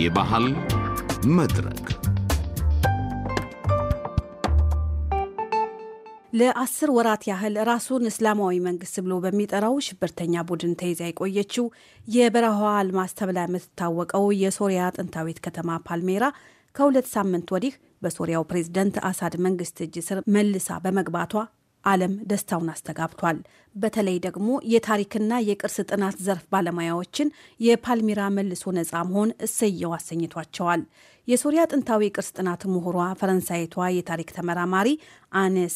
የባህል መድረክ ለአስር ወራት ያህል ራሱን እስላማዊ መንግስት ብሎ በሚጠራው ሽብርተኛ ቡድን ተይዛ የቆየችው የበረሃዋ አልማዝ ተብላ የምትታወቀው የሶሪያ ጥንታዊት ከተማ ፓልሜራ ከሁለት ሳምንት ወዲህ በሶሪያው ፕሬዝደንት አሳድ መንግስት እጅ ስር መልሳ በመግባቷ ዓለም ደስታውን አስተጋብቷል። በተለይ ደግሞ የታሪክና የቅርስ ጥናት ዘርፍ ባለሙያዎችን የፓልሚራ መልሶ ነፃ መሆን እሰየው አሰኝቷቸዋል። የሶሪያ ጥንታዊ ቅርስ ጥናት ምሁሯ ፈረንሳይቷ የታሪክ ተመራማሪ አነ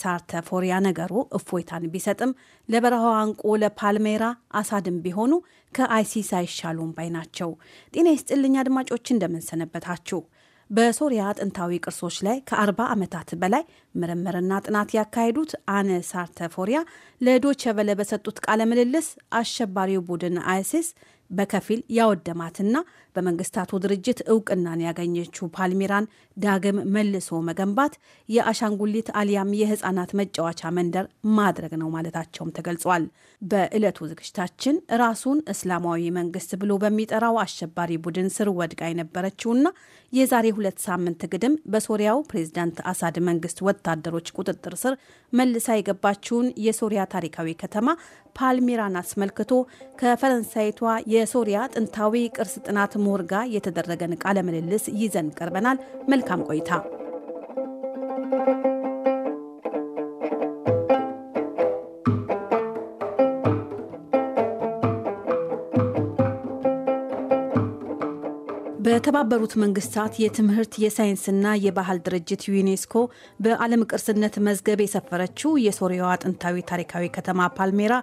ፎሪያ ነገሩ እፎይታን ቢሰጥም ለበረሃ አንቆ ለፓልሜራ አሳድም ቢሆኑ ከአይሲስ አይሻሉም ባይ ናቸው። ጤና ይስጥልኝ አድማጮች እንደምንሰነበታችሁ። በሶሪያ ጥንታዊ ቅርሶች ላይ ከ40 ዓመታት በላይ ምርምርና ጥናት ያካሄዱት አነ ሳርተፎሪያ ለዶቸ በሰጡት ቃለ ምልልስ አሸባሪው ቡድን አይሲስ በከፊል ያወደማትና በመንግስታቱ ድርጅት እውቅናን ያገኘችው ፓልሚራን ዳግም መልሶ መገንባት የአሻንጉሊት አሊያም የህፃናት መጫወቻ መንደር ማድረግ ነው ማለታቸውም ተገልጿል። በዕለቱ ዝግጅታችን ራሱን እስላማዊ መንግስት ብሎ በሚጠራው አሸባሪ ቡድን ስር ወድቃ የነበረችውና የዛሬ ሁለት ሳምንት ግድም በሶሪያው ፕሬዝዳንት አሳድ መንግስት ወታደሮች ቁጥጥር ስር መልሳ የገባችውን የሶሪያ ታሪካዊ ከተማ ፓልሚራን አስመልክቶ ከፈረንሳይቷ የሶሪያ ጥንታዊ ቅርስ ጥናት ምሁር ጋር የተደረገን ቃለ ምልልስ ይዘን ቀርበናል። መልካም ቆይታ የተባበሩት መንግስታት የትምህርት የሳይንስና የባህል ድርጅት ዩኔስኮ በዓለም ቅርስነት መዝገብ የሰፈረችው የሶሪያዋ ጥንታዊ ታሪካዊ ከተማ ፓልሜራ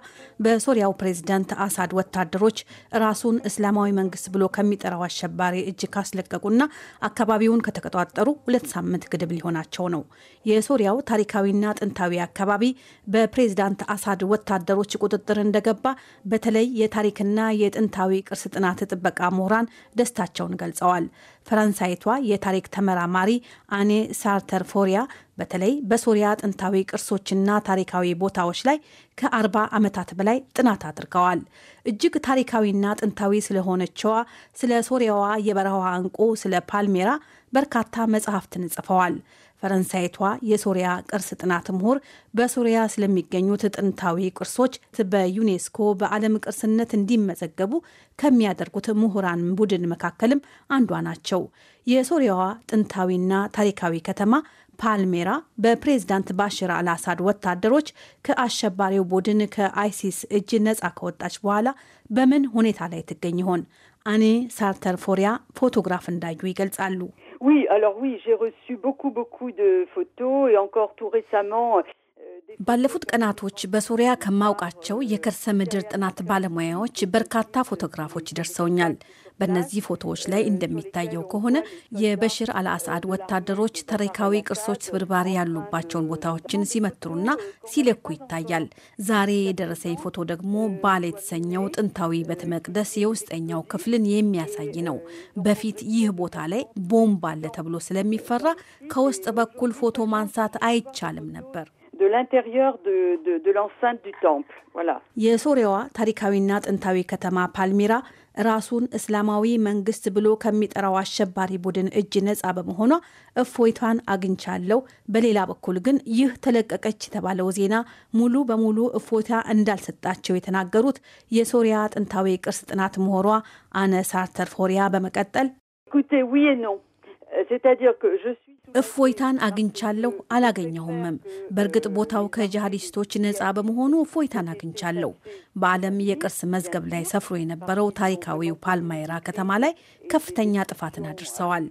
በሶሪያው ፕሬዝዳንት አሳድ ወታደሮች ራሱን እስላማዊ መንግስት ብሎ ከሚጠራው አሸባሪ እጅ ካስለቀቁና አካባቢውን ከተቆጣጠሩ ሁለት ሳምንት ግድብ ሊሆናቸው ነው። የሶሪያው ታሪካዊና ጥንታዊ አካባቢ በፕሬዝዳንት አሳድ ወታደሮች ቁጥጥር እንደገባ በተለይ የታሪክና የጥንታዊ ቅርስ ጥናት ጥበቃ ምሁራን ደስታቸውን ገልጸዋል። الأطفال ፈረንሳይቷ የታሪክ ተመራማሪ አኔ ሳርተር ፎሪያ በተለይ በሶሪያ ጥንታዊ ቅርሶችና ታሪካዊ ቦታዎች ላይ ከ40 ዓመታት በላይ ጥናት አድርገዋል። እጅግ ታሪካዊና ጥንታዊ ስለሆነችዋ ስለ ሶሪያዋ የበረሃዋ እንቁ ስለ ፓልሜራ በርካታ መጽሐፍትን ጽፈዋል። ፈረንሳይቷ የሶሪያ ቅርስ ጥናት ምሁር በሶሪያ ስለሚገኙት ጥንታዊ ቅርሶች በዩኔስኮ በዓለም ቅርስነት እንዲመዘገቡ ከሚያደርጉት ምሁራን ቡድን መካከልም አንዷ ናቸው። ናቸው። የሶሪያዋ ጥንታዊና ታሪካዊ ከተማ ፓልሜራ በፕሬዝዳንት ባሽር አልአሳድ ወታደሮች ከአሸባሪው ቡድን ከአይሲስ እጅ ነፃ ከወጣች በኋላ በምን ሁኔታ ላይ ትገኝ ይሆን? አኔ ሳርተር ፎሪያ ፎቶግራፍ እንዳዩ ይገልጻሉ። euh, ባለፉት ቀናቶች በሶሪያ ከማውቃቸው የከርሰ ምድር ጥናት ባለሙያዎች በርካታ ፎቶግራፎች ደርሰውኛል። በእነዚህ ፎቶዎች ላይ እንደሚታየው ከሆነ የበሽር አልአሳድ ወታደሮች ታሪካዊ ቅርሶች ስብርባሪ ያሉባቸውን ቦታዎችን ሲመትሩና ሲለኩ ይታያል። ዛሬ የደረሰኝ ፎቶ ደግሞ ባል የተሰኘው ጥንታዊ ቤተ መቅደስ የውስጠኛው ክፍልን የሚያሳይ ነው። በፊት ይህ ቦታ ላይ ቦምብ አለ ተብሎ ስለሚፈራ ከውስጥ በኩል ፎቶ ማንሳት አይቻልም ነበር። የሶሪያዋ ታሪካዊና ጥንታዊ ከተማ ፓልሚራ ራሱን እስላማዊ መንግስት ብሎ ከሚጠራው አሸባሪ ቡድን እጅ ነጻ በመሆኗ እፎይታን አግኝቻለሁ። በሌላ በኩል ግን ይህ ተለቀቀች የተባለው ዜና ሙሉ በሙሉ እፎይታ እንዳልሰጣቸው የተናገሩት የሶሪያ ጥንታዊ ቅርስ ጥናት ምሁሯ አነ ሳርተር ፎሪያ በመቀጠል እፎይታን አግኝቻለሁ አላገኘሁምም። በእርግጥ ቦታው ከጂሃዲስቶች ነፃ በመሆኑ እፎይታን አግኝቻለሁ። በዓለም የቅርስ መዝገብ ላይ ሰፍሮ የነበረው ታሪካዊው ፓልማይራ ከተማ ላይ ከፍተኛ ጥፋትን አድርሰዋል።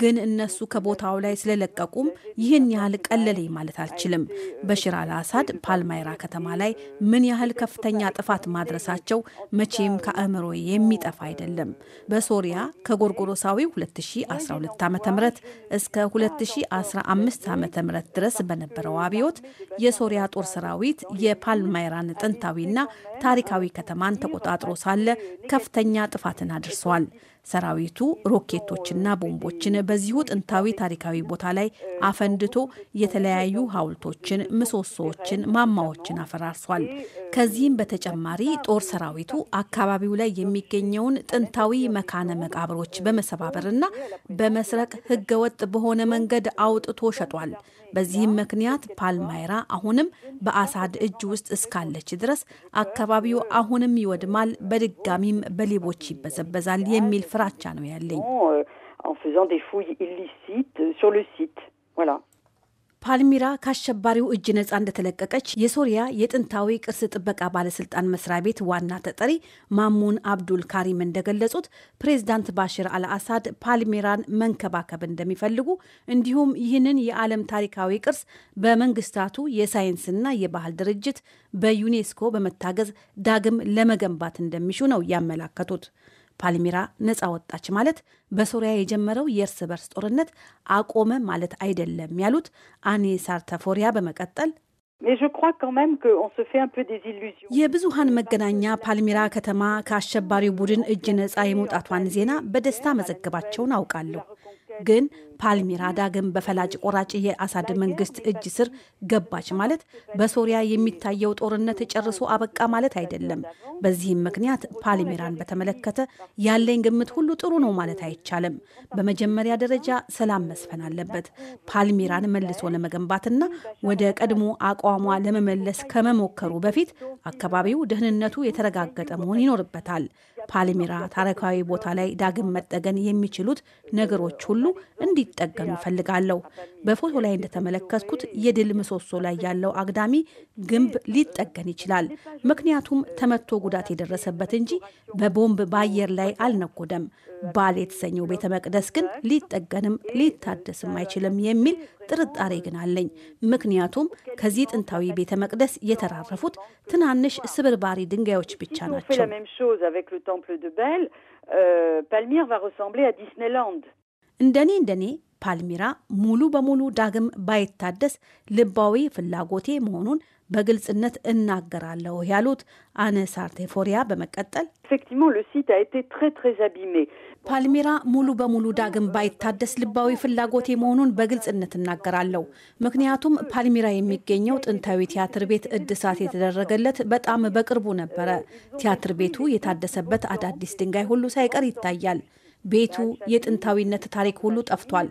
ግን እነሱ ከቦታው ላይ ስለለቀቁም ይህን ያህል ቀለለኝ ማለት አልችልም። በሽር አልአሳድ ፓልማይራ ከተማ ላይ ምን ያህል ከፍተኛ ጥፋት ማድረሳቸው መቼም ከአእምሮ የሚጠፋ አይደለም። በሶሪያ ከጎርጎሮሳዊ 2012 ዓ ም እስከ 2015 ዓ ም ድረስ በነበረው አብዮት የሶሪያ ጦር ሰራዊት የፓልማይራን ጥንታዊና ታሪካዊ ከተማን ተቆጣጥሮ ሳለ ከፍተኛ ጥፋትን አድርሰዋል። ሰራዊቱ ሮኬቶችና ቦምቦችን በዚሁ ጥንታዊ ታሪካዊ ቦታ ላይ አፈንድቶ የተለያዩ ሐውልቶችን፣ ምሰሶዎችን፣ ማማዎችን አፈራርሷል። ከዚህም በተጨማሪ ጦር ሰራዊቱ አካባቢው ላይ የሚገኘውን ጥንታዊ መካነ መቃብሮች በመሰባበርና በመስረቅ ህገወጥ በሆነ መንገድ አውጥቶ ሸጧል። በዚህም ምክንያት ፓልማይራ አሁንም በአሳድ እጅ ውስጥ እስካለች ድረስ አካባቢው አሁንም ይወድማል፣ በድጋሚም በሌቦች ይበዘበዛል የሚል ፍራቻ ነው ያለኝ። ፓልሚራ ከአሸባሪው እጅ ነጻ እንደተለቀቀች የሶሪያ የጥንታዊ ቅርስ ጥበቃ ባለስልጣን መስሪያ ቤት ዋና ተጠሪ ማሙን አብዱል ካሪም እንደገለጹት ፕሬዝዳንት ባሽር አልአሳድ ፓልሚራን መንከባከብ እንደሚፈልጉ እንዲሁም ይህንን የዓለም ታሪካዊ ቅርስ በመንግስታቱ የሳይንስና የባህል ድርጅት በዩኔስኮ በመታገዝ ዳግም ለመገንባት እንደሚሹ ነው ያመላከቱት። ፓልሜራ ነፃ ወጣች ማለት በሶሪያ የጀመረው የእርስ በርስ ጦርነት አቆመ ማለት አይደለም ያሉት አኔ ሳርተፎሪያ በመቀጠል የብዙሀን መገናኛ ፓልሜራ ከተማ ከአሸባሪው ቡድን እጅ ነፃ የመውጣቷን ዜና በደስታ መዘገባቸውን አውቃለሁ። ግን ፓልሚራ ዳግም በፈላጭ ቆራጭ የአሳድ መንግስት እጅ ስር ገባች ማለት በሶሪያ የሚታየው ጦርነት ጨርሶ አበቃ ማለት አይደለም። በዚህም ምክንያት ፓልሚራን በተመለከተ ያለኝ ግምት ሁሉ ጥሩ ነው ማለት አይቻልም። በመጀመሪያ ደረጃ ሰላም መስፈን አለበት። ፓልሚራን መልሶ ለመገንባትና ወደ ቀድሞ አቋሟ ለመመለስ ከመሞከሩ በፊት አካባቢው ደህንነቱ የተረጋገጠ መሆን ይኖርበታል። ፓልሚራ ታሪካዊ ቦታ ላይ ዳግም መጠገን የሚችሉት ነገሮች ሁሉ እንዲ እንዲጠገኑ እፈልጋለሁ። በፎቶ ላይ እንደተመለከትኩት የድል ምሰሶ ላይ ያለው አግዳሚ ግንብ ሊጠገን ይችላል። ምክንያቱም ተመቶ ጉዳት የደረሰበት እንጂ በቦምብ በአየር ላይ አልነጎደም። ባል የተሰኘው ቤተ መቅደስ ግን ሊጠገንም ሊታደስም አይችልም የሚል ጥርጣሬ ግን አለኝ። ምክንያቱም ከዚህ ጥንታዊ ቤተ መቅደስ የተራረፉት ትናንሽ ስብርባሪ ድንጋዮች ብቻ ናቸው። እንደኔ እንደኔ ፓልሚራ ሙሉ በሙሉ ዳግም ባይታደስ ልባዊ ፍላጎቴ መሆኑን በግልጽነት እናገራለሁ ያሉት አነሳርቴፎሪያ በመቀጠል ፓልሚራ ሙሉ በሙሉ ዳግም ባይታደስ ልባዊ ፍላጎቴ መሆኑን በግልጽነት እናገራለሁ። ምክንያቱም ፓልሚራ የሚገኘው ጥንታዊ ቲያትር ቤት እድሳት የተደረገለት በጣም በቅርቡ ነበረ። ቲያትር ቤቱ የታደሰበት አዳዲስ ድንጋይ ሁሉ ሳይቀር ይታያል። ቤቱ የጥንታዊነት ታሪክ ሁሉ ጠፍቷል።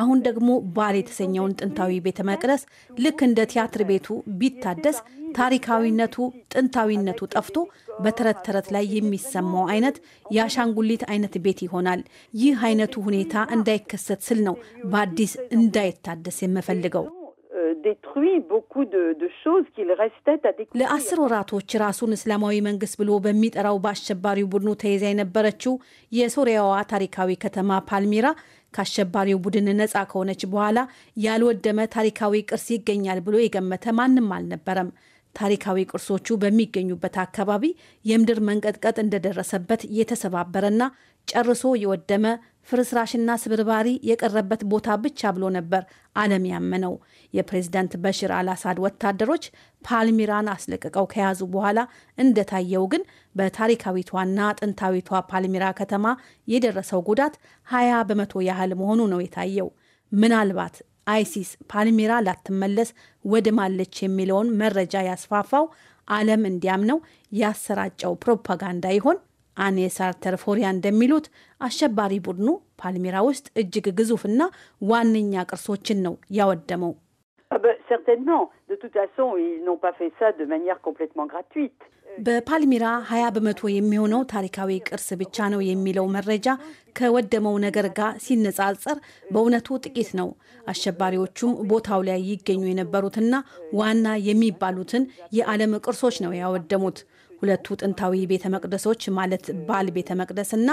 አሁን ደግሞ ባል የተሰኘውን ጥንታዊ ቤተ መቅደስ ልክ እንደ ቲያትር ቤቱ ቢታደስ ታሪካዊነቱ፣ ጥንታዊነቱ ጠፍቶ በተረት ተረት ላይ የሚሰማው አይነት የአሻንጉሊት አይነት ቤት ይሆናል። ይህ አይነቱ ሁኔታ እንዳይከሰት ስል ነው በአዲስ እንዳይታደስ የምፈልገው። ለአስር ወራቶች ራሱን እስላማዊ መንግስት ብሎ በሚጠራው በአሸባሪው ቡድኑ ተይዛ የነበረችው የሶሪያዋ ታሪካዊ ከተማ ፓልሚራ ከአሸባሪው ቡድን ነፃ ከሆነች በኋላ ያልወደመ ታሪካዊ ቅርስ ይገኛል ብሎ የገመተ ማንም አልነበረም። ታሪካዊ ቅርሶቹ በሚገኙበት አካባቢ የምድር መንቀጥቀጥ እንደደረሰበት የተሰባበረና ጨርሶ የወደመ ፍርስራሽና ስብርባሪ የቀረበት ቦታ ብቻ ብሎ ነበር ዓለም ያመነው። የፕሬዝዳንት በሽር አልአሳድ ወታደሮች ፓልሚራን አስለቅቀው ከያዙ በኋላ እንደታየው ግን በታሪካዊቷና ጥንታዊቷ ፓልሚራ ከተማ የደረሰው ጉዳት 20 በመቶ ያህል መሆኑ ነው የታየው። ምናልባት አይሲስ ፓልሚራ ላትመለስ ወድማለች የሚለውን መረጃ ያስፋፋው ዓለም እንዲያምነው ያሰራጨው ፕሮፓጋንዳ ይሆን? አኔ ሳርተር ፎሪያ እንደሚሉት አሸባሪ ቡድኑ ፓልሜራ ውስጥ እጅግ ግዙፍና ዋነኛ ቅርሶችን ነው ያወደመው። ah በፓልሚራ ሀያ በመቶ የሚሆነው ታሪካዊ ቅርስ ብቻ ነው የሚለው መረጃ ከወደመው ነገር ጋር ሲነጻጸር በእውነቱ ጥቂት ነው። አሸባሪዎቹም ቦታው ላይ ይገኙ የነበሩትና ዋና የሚባሉትን የዓለም ቅርሶች ነው ያወደሙት። ሁለቱ ጥንታዊ ቤተ መቅደሶች ማለት ባል ቤተ መቅደስና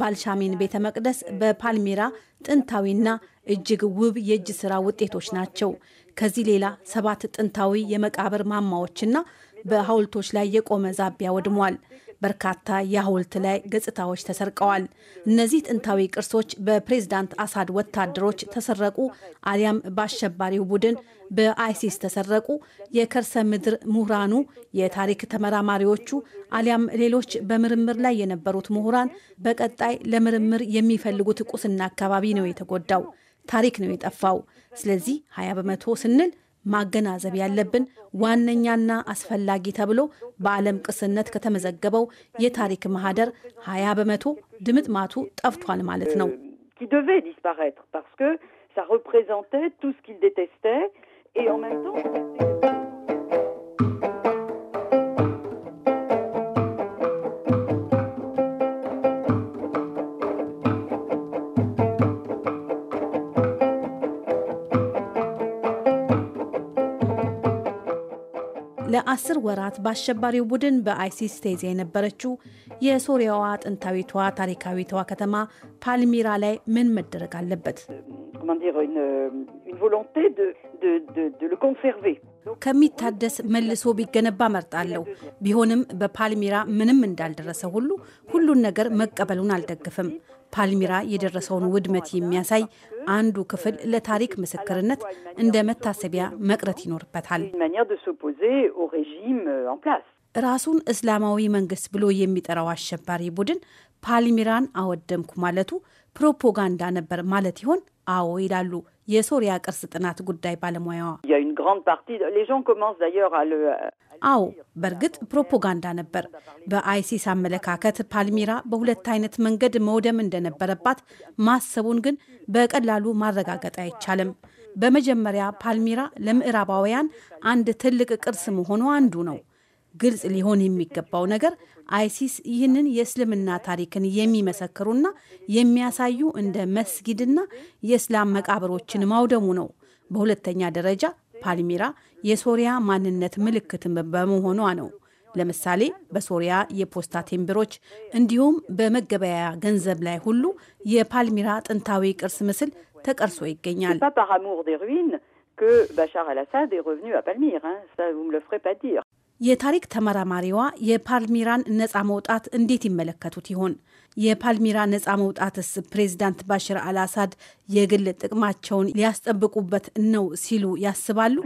ባልሻሚን ቤተ መቅደስ በፓልሚራ ጥንታዊና እጅግ ውብ የእጅ ስራ ውጤቶች ናቸው። ከዚህ ሌላ ሰባት ጥንታዊ የመቃብር ማማዎችና በሐውልቶች ላይ የቆመ ዛቢያ ወድሟል። በርካታ የሐውልት ላይ ገጽታዎች ተሰርቀዋል። እነዚህ ጥንታዊ ቅርሶች በፕሬዝዳንት አሳድ ወታደሮች ተሰረቁ አሊያም በአሸባሪው ቡድን በአይሲስ ተሰረቁ፣ የከርሰ ምድር ምሁራኑ፣ የታሪክ ተመራማሪዎቹ አሊያም ሌሎች በምርምር ላይ የነበሩት ምሁራን በቀጣይ ለምርምር የሚፈልጉት ቁስና አካባቢ ነው የተጎዳው። ታሪክ ነው የጠፋው። ስለዚህ 20 በመቶ ስንል ማገናዘብ ያለብን ዋነኛና አስፈላጊ ተብሎ በዓለም ቅርስነት ከተመዘገበው የታሪክ ማህደር ሀያ በመቶ ድምጥማቱ ጠፍቷል ማለት ነው። ስ ፓርስ ሳ ለአስር ወራት በአሸባሪው ቡድን በአይሲስ ተይዛ የነበረችው የሶሪያዋ ጥንታዊቷ ታሪካዊቷ ከተማ ፓልሚራ ላይ ምን መደረግ አለበት? ከሚታደስ መልሶ ቢገነባ መርጣለሁ። ቢሆንም በፓልሚራ ምንም እንዳልደረሰ ሁሉ ሁሉን ነገር መቀበሉን አልደግፍም። ፓልሚራ የደረሰውን ውድመት የሚያሳይ አንዱ ክፍል ለታሪክ ምስክርነት እንደ መታሰቢያ መቅረት ይኖርበታል። ራሱን እስላማዊ መንግስት ብሎ የሚጠራው አሸባሪ ቡድን ፓልሚራን አወደምኩ ማለቱ ፕሮፓጋንዳ ነበር ማለት ይሆን? አዎ ይላሉ የሶሪያ ቅርስ ጥናት ጉዳይ ባለሙያዋ አዎ፣ በእርግጥ ፕሮፓጋንዳ ነበር። በአይሲስ አመለካከት ፓልሚራ በሁለት አይነት መንገድ መውደም እንደነበረባት ማሰቡን ግን በቀላሉ ማረጋገጥ አይቻልም። በመጀመሪያ ፓልሚራ ለምዕራባውያን አንድ ትልቅ ቅርስ መሆኑ አንዱ ነው። ግልጽ ሊሆን የሚገባው ነገር አይሲስ ይህንን የእስልምና ታሪክን የሚመሰክሩና የሚያሳዩ እንደ መስጊድና የእስላም መቃብሮችን ማውደሙ ነው። በሁለተኛ ደረጃ ፓልሚራ የሶሪያ ማንነት ምልክትም በመሆኗ ነው። ለምሳሌ በሶሪያ የፖስታ ቴምብሮች እንዲሁም በመገበያያ ገንዘብ ላይ ሁሉ የፓልሚራ ጥንታዊ ቅርስ ምስል ተቀርሶ ይገኛል። que Bachar al-Assad est revenu à Palmyre, hein. ça vous me le ferez pas dire. የታሪክ ተመራማሪዋ የፓልሚራን ነፃ መውጣት እንዴት ይመለከቱት ይሆን? የፓልሚራ ነፃ መውጣትስ ፕሬዚዳንት ባሽር አልአሳድ የግል ጥቅማቸውን ሊያስጠብቁበት ነው ሲሉ ያስባሉ?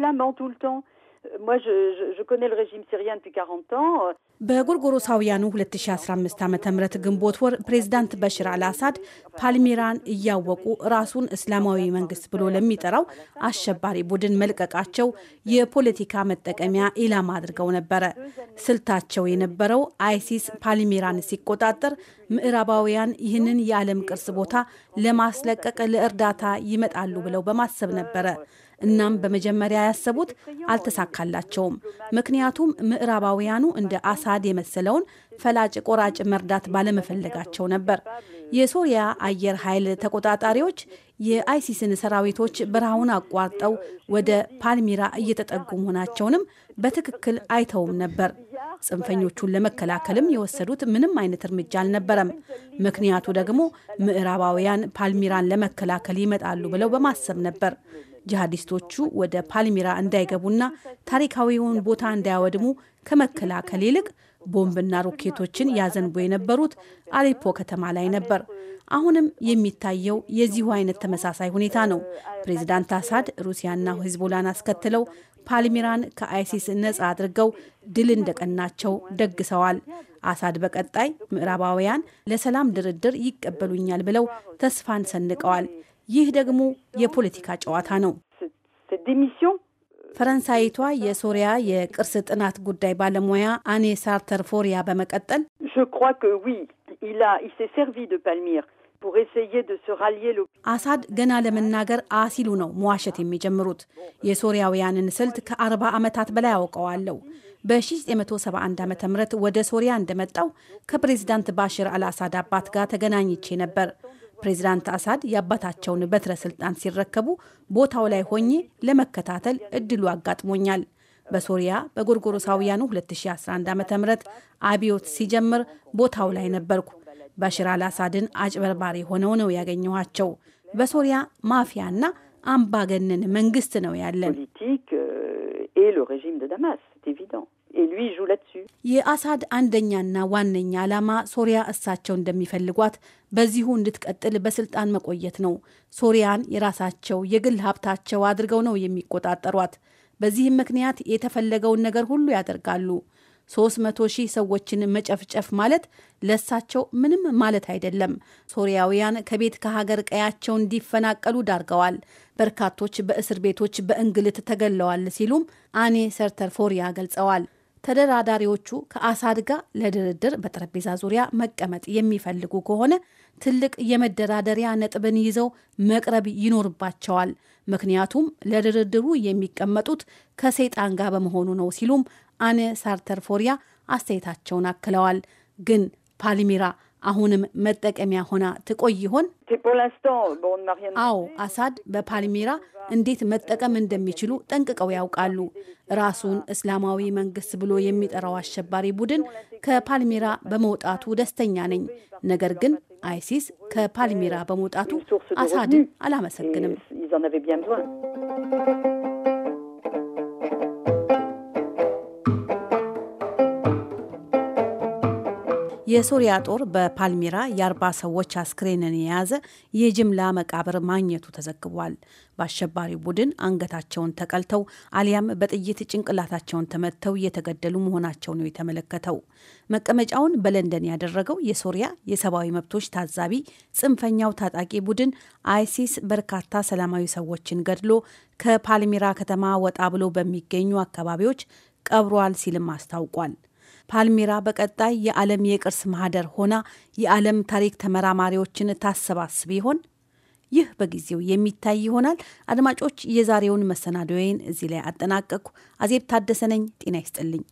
በጎርጎሮሳውያኑ 2015 ም ግንቦት ወር ፕሬዝዳንት በሽር አልአሳድ ፓልሚራን እያወቁ ራሱን እስላማዊ መንግስት ብሎ ለሚጠራው አሸባሪ ቡድን መልቀቃቸው የፖለቲካ መጠቀሚያ ኢላማ አድርገው ነበረ። ስልታቸው የነበረው አይሲስ ፓልሚራን ሲቆጣጠር ምዕራባውያን ይህንን የዓለም ቅርስ ቦታ ለማስለቀቅ ለእርዳታ ይመጣሉ ብለው በማሰብ ነበረ። እናም በመጀመሪያ ያሰቡት አልተሳካላቸውም። ምክንያቱም ምዕራባውያኑ እንደ አሳድ የመሰለውን ፈላጭ ቆራጭ መርዳት ባለመፈለጋቸው ነበር። የሶሪያ አየር ኃይል ተቆጣጣሪዎች የአይሲስን ሰራዊቶች በረሃውን አቋርጠው ወደ ፓልሚራ እየተጠጉ መሆናቸውንም በትክክል አይተውም ነበር። ጽንፈኞቹን ለመከላከልም የወሰዱት ምንም አይነት እርምጃ አልነበረም። ምክንያቱ ደግሞ ምዕራባውያን ፓልሚራን ለመከላከል ይመጣሉ ብለው በማሰብ ነበር። ጂሃዲስቶቹ ወደ ፓልሚራ እንዳይገቡና ታሪካዊውን ቦታ እንዳያወድሙ ከመከላከል ይልቅ ቦምብና ሮኬቶችን ያዘንቡ የነበሩት አሌፖ ከተማ ላይ ነበር። አሁንም የሚታየው የዚሁ አይነት ተመሳሳይ ሁኔታ ነው። ፕሬዚዳንት አሳድ ሩሲያና ሂዝቦላን አስከትለው ፓልሚራን ከአይሲስ ነጻ አድርገው ድል እንደቀናቸው ደግሰዋል። አሳድ በቀጣይ ምዕራባውያን ለሰላም ድርድር ይቀበሉኛል ብለው ተስፋን ሰንቀዋል። ይህ ደግሞ የፖለቲካ ጨዋታ ነው። ፈረንሳይቷ የሶሪያ የቅርስ ጥናት ጉዳይ ባለሙያ አኔ ሳርተር ፎሪያ በመቀጠል አሳድ ገና ለመናገር አሲሉ ነው መዋሸት የሚጀምሩት። የሶሪያውያንን ስልት ከ ከ40 ዓመታት በላይ አውቀዋለሁ። በ1971 ዓ ም ወደ ሶሪያ እንደመጣው ከፕሬዚዳንት ባሽር አልአሳድ አባት ጋር ተገናኝቼ ነበር። ፕሬዚዳንት አሳድ የአባታቸውን በትረ ስልጣን ሲረከቡ ቦታው ላይ ሆኜ ለመከታተል እድሉ አጋጥሞኛል። በሶሪያ በጎርጎሮሳውያኑ 2011 ዓ ም አብዮት ሲጀምር ቦታው ላይ ነበርኩ። ባሽር አልአሳድን አጭበርባሪ ሆነው ነው ያገኘኋቸው። በሶሪያ ማፊያና አምባገነን መንግስት ነው ያለን። euh, የአሳድ አንደኛና ዋነኛ ዓላማ ሶሪያ እሳቸው እንደሚፈልጓት በዚሁ እንድትቀጥል በስልጣን መቆየት ነው። ሶሪያን የራሳቸው የግል ሀብታቸው አድርገው ነው የሚቆጣጠሯት። በዚህም ምክንያት የተፈለገውን ነገር ሁሉ ያደርጋሉ። ሶስት መቶ ሺህ ሰዎችን መጨፍጨፍ ማለት ለሳቸው ምንም ማለት አይደለም። ሶሪያውያን ከቤት ከሀገር ቀያቸው እንዲፈናቀሉ ዳርገዋል። በርካቶች በእስር ቤቶች በእንግልት ተገለዋል ሲሉም አኔ ሰርተርፎሪያ ገልጸዋል። ተደራዳሪዎቹ ከአሳድ ጋር ለድርድር በጠረጴዛ ዙሪያ መቀመጥ የሚፈልጉ ከሆነ ትልቅ የመደራደሪያ ነጥብን ይዘው መቅረብ ይኖርባቸዋል። ምክንያቱም ለድርድሩ የሚቀመጡት ከሰይጣን ጋር በመሆኑ ነው ሲሉም አነ ሳርተር ፎሪያ አስተያየታቸውን አክለዋል። ግን ፓልሚራ አሁንም መጠቀሚያ ሆና ትቆይ ይሆን? አዎ፣ አሳድ በፓልሜራ እንዴት መጠቀም እንደሚችሉ ጠንቅቀው ያውቃሉ። ራሱን እስላማዊ መንግስት ብሎ የሚጠራው አሸባሪ ቡድን ከፓልሜራ በመውጣቱ ደስተኛ ነኝ። ነገር ግን አይሲስ ከፓልሜራ በመውጣቱ አሳድን አላመሰግንም። የሶሪያ ጦር በፓልሚራ የአርባ ሰዎች አስክሬንን የያዘ የጅምላ መቃብር ማግኘቱ ተዘግቧል። በአሸባሪ ቡድን አንገታቸውን ተቀልተው አሊያም በጥይት ጭንቅላታቸውን ተመትተው እየተገደሉ መሆናቸው ነው የተመለከተው። መቀመጫውን በለንደን ያደረገው የሶሪያ የሰብአዊ መብቶች ታዛቢ ጽንፈኛው ታጣቂ ቡድን አይሲስ በርካታ ሰላማዊ ሰዎችን ገድሎ ከፓልሚራ ከተማ ወጣ ብሎ በሚገኙ አካባቢዎች ቀብሯል ሲልም አስታውቋል። ፓልሜራ በቀጣይ የዓለም የቅርስ ማህደር ሆና የዓለም ታሪክ ተመራማሪዎችን ታሰባስብ ይሆን? ይህ በጊዜው የሚታይ ይሆናል። አድማጮች፣ የዛሬውን መሰናዶዬን እዚህ ላይ አጠናቀቅኩ። አዜብ ታደሰነኝ ጤና ይስጥልኝ።